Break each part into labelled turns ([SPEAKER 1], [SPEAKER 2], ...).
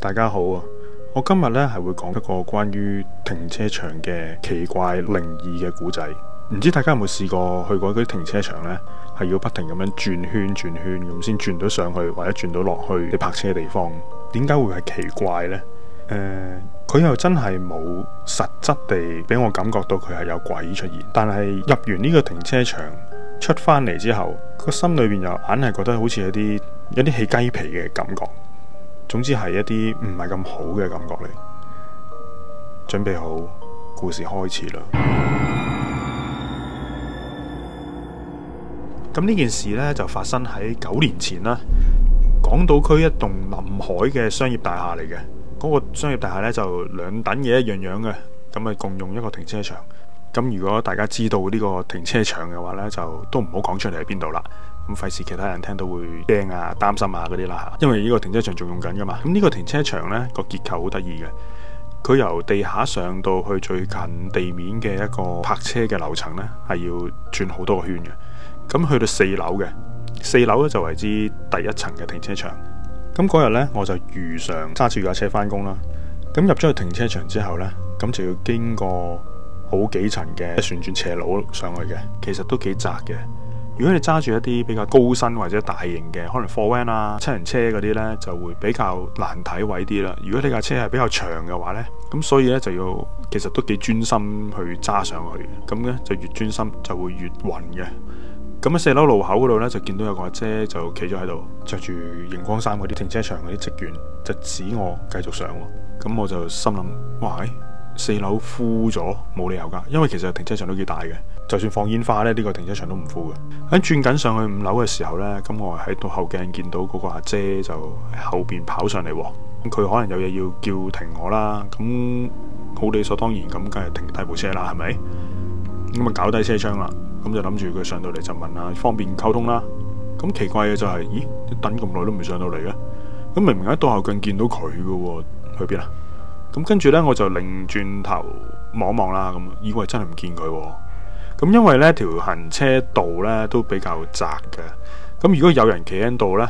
[SPEAKER 1] 大家好啊！我今日呢，係會講一個關於停車場嘅奇怪靈異嘅古仔。唔知大家有冇試過去過嗰啲停車場咧，係要不停咁樣轉圈轉圈，咁先轉到上去或者轉到落去你泊車嘅地方？點解會係奇怪咧？誒、呃，佢又真係冇實質地俾我感覺到佢係有鬼出現，但係入完呢個停車場。出返嚟之後，個心裏邊又硬係覺得好似有啲有啲起雞皮嘅感覺，總之係一啲唔係咁好嘅感覺嚟。準備好，故事開始啦。咁呢件事呢，就發生喺九年前啦，港島區一棟臨海嘅商業大廈嚟嘅，嗰個商業大廈呢，就兩等嘢一樣樣嘅，咁啊共用一個停車場。咁如果大家知道呢個停車場嘅話呢就都唔好講出嚟喺邊度啦。咁費事其他人聽到會驚啊，擔心啊嗰啲啦嚇。因為呢個停車場仲用緊㗎嘛。咁呢個停車場呢個結構好得意嘅，佢由地下上,上到去最近地面嘅一個泊車嘅樓層呢，係要轉好多個圈嘅。咁去到四樓嘅四樓呢就為之第一層嘅停車場。咁嗰日呢，我就如常揸住架車返工啦。咁入咗去停車場之後呢，咁就要經過。好幾層嘅旋轉斜路上去嘅，其實都幾窄嘅。如果你揸住一啲比較高身或者大型嘅，可能貨 van 啊、七人車嗰啲呢，就會比較難睇位啲啦。如果你架車係比較長嘅話呢，咁所以呢，就要其實都幾專心去揸上去。咁呢就越專心就會越暈嘅。咁喺四樓路口嗰度呢，就見到有個阿姐就企咗喺度，着住熒光衫嗰啲停車場嗰啲職員，就指我繼續上。咁我就心諗，喂！哎」四樓枯咗，冇理由噶，因為其實停車場都幾大嘅，就算放煙花咧，呢、這個停車場都唔枯嘅。喺轉緊上去五樓嘅時候呢，咁我喺到後鏡見到嗰個阿姐就喺後邊跑上嚟，咁佢可能有嘢要叫停我啦，咁好理所當然咁梗係停低部車啦，係咪？咁咪搞低車窗啦，咁就諗住佢上到嚟就問下方便溝通啦。咁奇怪嘅就係、是，咦，你等咁耐都唔上到嚟嘅，咁明唔明喺到後鏡見到佢噶，去邊啊？咁跟住呢，我就擰轉頭望望啦。咁，以為真係唔見佢、哦。咁因為呢條行車道呢都比較窄嘅。咁如果有人企喺度呢，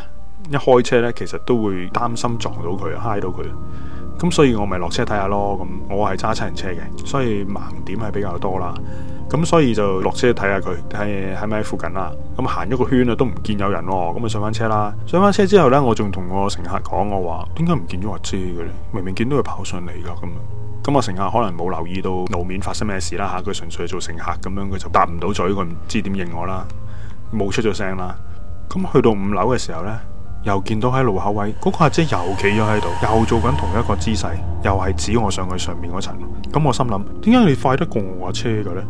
[SPEAKER 1] 一開車呢其實都會擔心撞到佢，揩到佢。咁、嗯、所以我看看、嗯，我咪落車睇下咯。咁我係揸七人車嘅，所以盲點係比較多啦。咁所以就落車睇下佢，睇係咪喺附近啦。咁行咗個圈啦，都唔見有人喎。咁啊上翻車啦。上翻車之後呢，我仲同我乘客講，我話點解唔見咗阿姐嘅呢？明明見到佢跑上嚟㗎，咁啊。咁我乘客可能冇留意到路面發生咩事啦吓。佢純粹係做乘客咁樣，佢就答唔到嘴，佢唔知點應我啦，冇出咗聲啦。咁去到五樓嘅時候呢，又見到喺路口位嗰個阿姐又企咗喺度，又做緊同一個姿勢，又係指我上去上面嗰層。咁我心諗，點解你快得過我車嘅呢？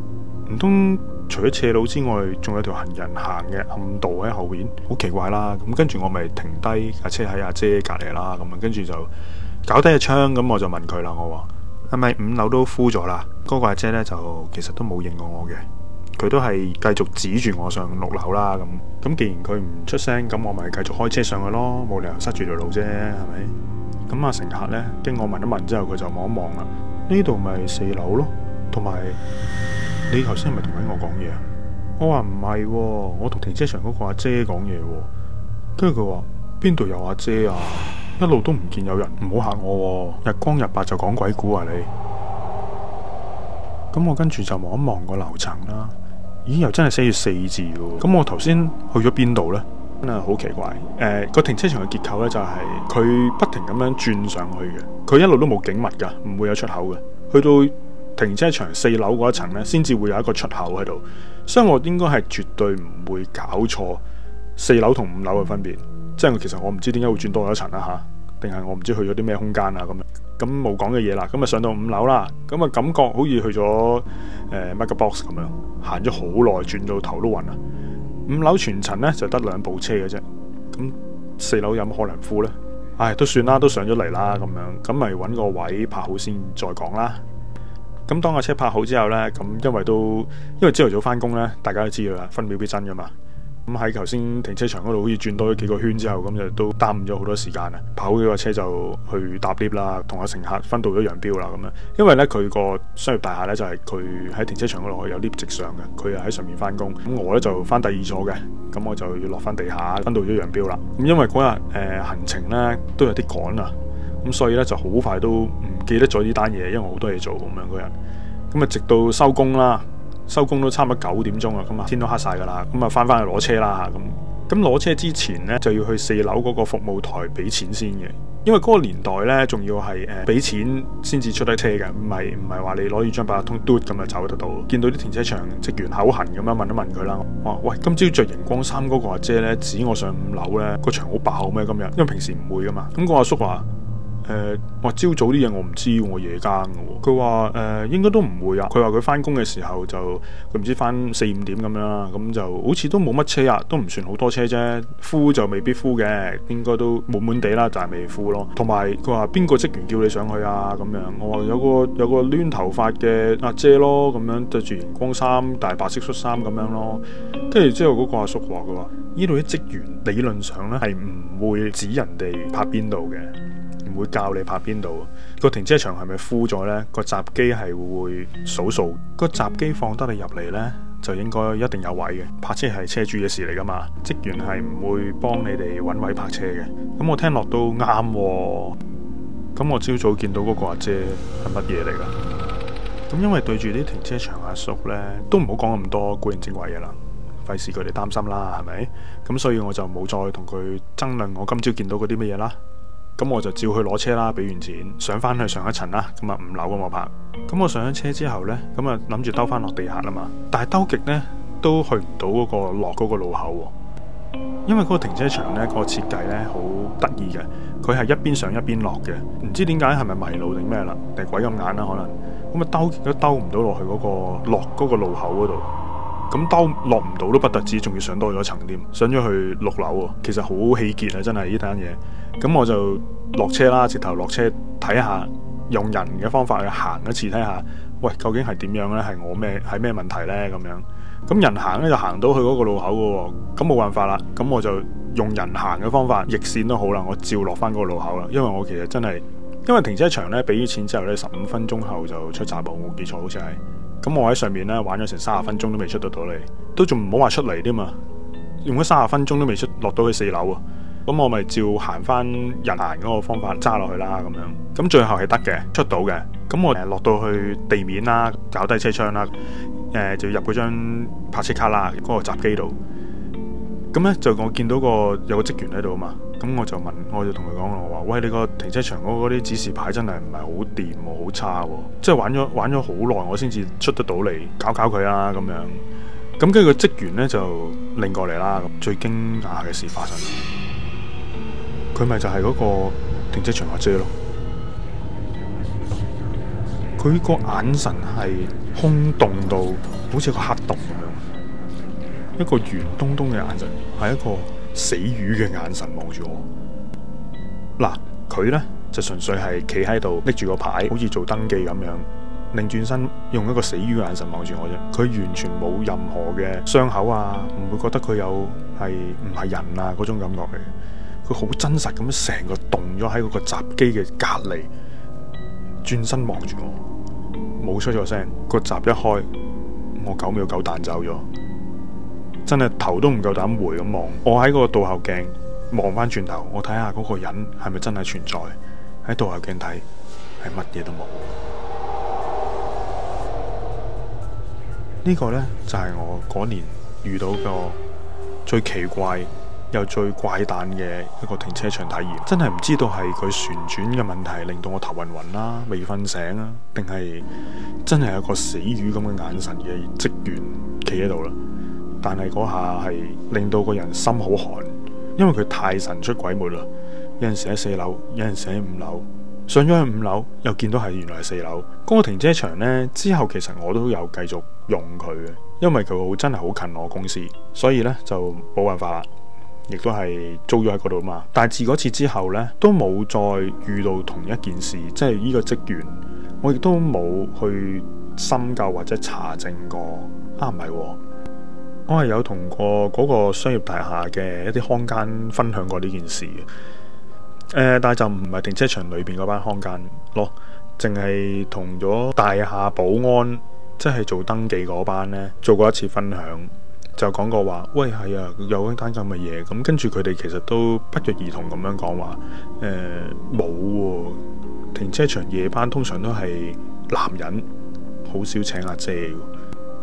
[SPEAKER 1] 唔通除咗斜路之外，仲有條行人行嘅暗道喺後邊，好奇怪啦。咁跟住我咪停低架車喺阿姐隔籬啦。咁啊，跟住就搞低隻窗，咁我就問佢啦，我話係咪五樓都敷咗啦？嗰個阿姐呢就其實都冇認過我嘅，佢都係繼續指住我上六樓啦。咁咁，既然佢唔出聲，咁我咪繼續開車上去咯，冇理由塞住條路啫，係咪？咁啊，乘客呢，經我問一問之後，佢就望一望啦。呢度咪四樓咯，同埋。你頭先係咪同緊我講嘢啊？我話唔係，我同停車場嗰個阿姐講嘢喎。跟住佢話邊度有阿姐啊？一路都唔見有人，唔好吓我喎。日光日白就講鬼故啊你。咁我跟住就望一望個樓層啦。咦？又真係寫住四字咯。咁我頭先去咗邊度呢？真係好奇怪。誒、呃，個停車場嘅結構呢，就係佢不停咁樣轉上去嘅。佢一路都冇景物噶，唔會有出口嘅。去到。停車場四樓嗰一層咧，先至會有一個出口喺度，所以我應該係絕對唔會搞錯四樓同五樓嘅分別。即係其實我唔知點解會轉多咗一層啦，嚇、啊，定係我唔知去咗啲咩空間啊？咁樣咁冇講嘅嘢啦。咁啊上到五樓啦，咁啊感覺好似去咗誒 Mega Box 咁樣行咗好耐，轉到頭都暈啦。五樓全層咧就得兩部車嘅啫，咁四樓有冇可能敷咧？唉，都算啦，都上咗嚟啦，咁樣咁咪揾個位拍好先，再講啦。咁當個車泊好之後呢，咁因為都因為朝頭早翻工呢，大家都知道啦，分秒必爭噶嘛。咁喺頭先停車場嗰度好似轉多咗幾個圈之後，咁就都耽誤咗好多時間啊。跑咗呢個車就去搭 lift 啦，同個乘客分道咗揚鑣啦咁啊。因為呢，佢個商業大廈呢，就係佢喺停車場嗰度去有 lift 直上嘅，佢啊喺上面翻工。咁我呢，就翻第二座嘅，咁我就要落翻地下，分道咗揚鑣啦。咁因為嗰日誒行程呢，都有啲趕啊。咁所以咧就好快都唔記得咗呢單嘢，因為我好多嘢做咁樣、嗰個人。咁啊，直到收工啦，收工都差唔多九點鐘啦，咁啊天都黑晒噶啦。咁啊翻翻去攞車啦，咁咁攞車之前呢，就要去四樓嗰個服務台俾錢先嘅，因為嗰個年代呢，仲要係誒俾錢先至出得車嘅，唔係唔係話你攞住張八達通嘟咁就走得到。見到啲停車場職員，口痕咁樣問一問佢啦，我話喂，今朝着熒光衫嗰個阿姐呢，指我上五樓呢，個場好爆咩？今日因為平時唔會噶嘛，咁個阿叔話。誒，我、呃、朝早啲嘢我唔知，我夜間㗎喎。佢話誒應該都唔會啊。佢話佢翻工嘅時候就佢唔知翻四五點咁樣啦，咁就好似都冇乜車啊，都唔算好多車啫。呼就未必呼嘅，應該都滿滿地啦，但、就、係、是、未呼咯。同埋佢話邊個職員叫你上去啊？咁樣我話有個有個攣頭髮嘅阿姐咯，咁樣著住熒光衫，大白色恤衫咁樣咯。跟住之後嗰個阿叔話嘅喎，呢度啲職員理論上咧係唔會指人哋拍邊度嘅。唔會教你泊邊度。個停車場係咪枯咗呢？個閘機係會數數，個閘機放得你入嚟，呢，就應該一定有位嘅。泊車係車主嘅事嚟噶嘛，職員係唔會幫你哋揾位泊車嘅。咁我聽落都啱，咁我朝早見到嗰個阿姐係乜嘢嚟噶？咁因為對住啲停車場阿叔呢，都唔好講咁多古靈精怪嘢啦，費事佢哋擔心啦，係咪？咁所以我就冇再同佢爭論。我今朝見到嗰啲乜嘢啦。咁我就照去攞車啦，俾完錢上翻去上一層啦，咁啊，五樓，咁我拍，咁我上咗車之後呢，咁啊諗住兜翻落地下啦嘛，但係兜極呢，都去唔到嗰個落嗰個路口喎，因為嗰個停車場呢，個設計呢好得意嘅，佢係一邊上一邊落嘅，唔知點解係咪迷路定咩啦，定鬼遮眼啦，啊、可能，咁啊兜極都兜唔到落去嗰個落嗰個路口嗰度。咁兜落唔到都不特止，仲要上多咗層添，上咗去六樓啊！其實好氣結啊，真係呢單嘢。咁我就落車啦，直頭落車睇下，用人嘅方法去行一次，睇下，喂，究竟係點樣呢？係我咩？係咩問題呢？咁樣。咁人行咧就行到去嗰個路口噶，咁冇辦法啦。咁我就用人行嘅方法，逆線都好啦，我照落翻嗰個路口啦。因為我其實真係因為停車場呢，俾咗錢之後呢，十五分鐘後就出閘部，我冇記錯好似係。咁我喺上面咧玩咗成三十分鐘都未出得到嚟，都仲唔好話出嚟添嘛，用咗三十分鐘都未出落到去四樓啊，咁我咪照行翻人行嗰個方法揸落去啦咁樣，咁最後係得嘅，出到嘅，咁我哋、呃、落到去地面啦，搞低車窗啦，誒、呃，就要入嗰張泊車卡啦，嗰個閘機度，咁咧就我見到個有個職員喺度啊嘛。咁我就問，我就同佢講：我話，喂，你個停車場嗰啲指示牌真係唔係好掂喎，好差喎、啊！即係玩咗玩咗好耐，我先至出得到嚟搞搞佢啦咁樣。咁跟住個職員呢就拎過嚟啦。最驚訝嘅事發生咗，佢咪就係嗰個停車場阿姐咯。佢個眼神係空洞到，好似個黑洞咁樣，一個圓冬冬嘅眼神，係一個死魚嘅眼神望住我，嗱、啊、佢呢，就純粹係企喺度拎住個牌，好似做登記咁樣，擰轉身用一個死魚嘅眼神望住我啫。佢完全冇任何嘅傷口啊，唔會覺得佢有係唔係人啊嗰種感覺。佢好真實咁，成個凍咗喺嗰個閘機嘅隔離，轉身望住我，冇出咗聲，個閘一開，我九秒九彈走咗。真係頭都唔夠膽回咁望，我喺個倒後鏡望翻轉頭，我睇下嗰個人係咪真係存在，喺倒後鏡睇係乜嘢都冇。呢個呢，就係我嗰年遇到個最奇怪又最怪誕嘅一個停車場體驗，真係唔知道係佢旋轉嘅問題令到我頭暈暈啦，未瞓醒啊，定係真係有個死魚咁嘅眼神嘅職員企喺度啦。嗯但係嗰下係令到個人心好寒，因為佢太神出鬼沒啦。有陣時喺四樓，有陣時喺五樓，上咗去五樓又見到係原來係四樓。嗰個停車場呢，之後，其實我都有繼續用佢嘅，因為佢好真係好近我公司，所以呢就冇辦法啦，亦都係租咗喺嗰度嘛。但係自嗰次之後呢，都冇再遇到同一件事，即係呢個職員，我亦都冇去深究或者查證過。啊，唔係哦。我係有同過嗰個商業大廈嘅一啲看更分享過呢件事嘅，誒、呃，但係就唔係停車場裏邊嗰班看更咯。淨係同咗大廈保安，即、就、係、是、做登記嗰班呢，做過一次分享，就講過話，喂係啊，有單咁嘅嘢，咁、嗯、跟住佢哋其實都不約而同咁樣講話，誒、呃，冇喎、啊，停車場夜班通常都係男人，好少請阿姐。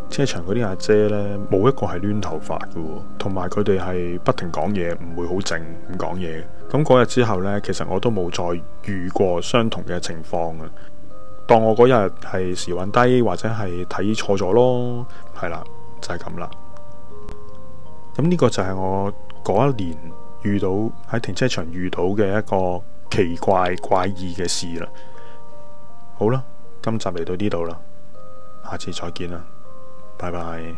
[SPEAKER 1] 車場嗰啲阿姐呢，冇一個係攣頭髮噶喎，同埋佢哋係不停講嘢，唔會好靜唔講嘢。咁嗰日之後呢，其實我都冇再遇過相同嘅情況啊。當我嗰日係時運低，或者係睇錯咗咯，係啦，就係咁啦。咁呢個就係我嗰一年遇到喺停車場遇到嘅一個奇怪怪異嘅事啦。好啦，今集嚟到呢度啦，下次再見啦。拜拜。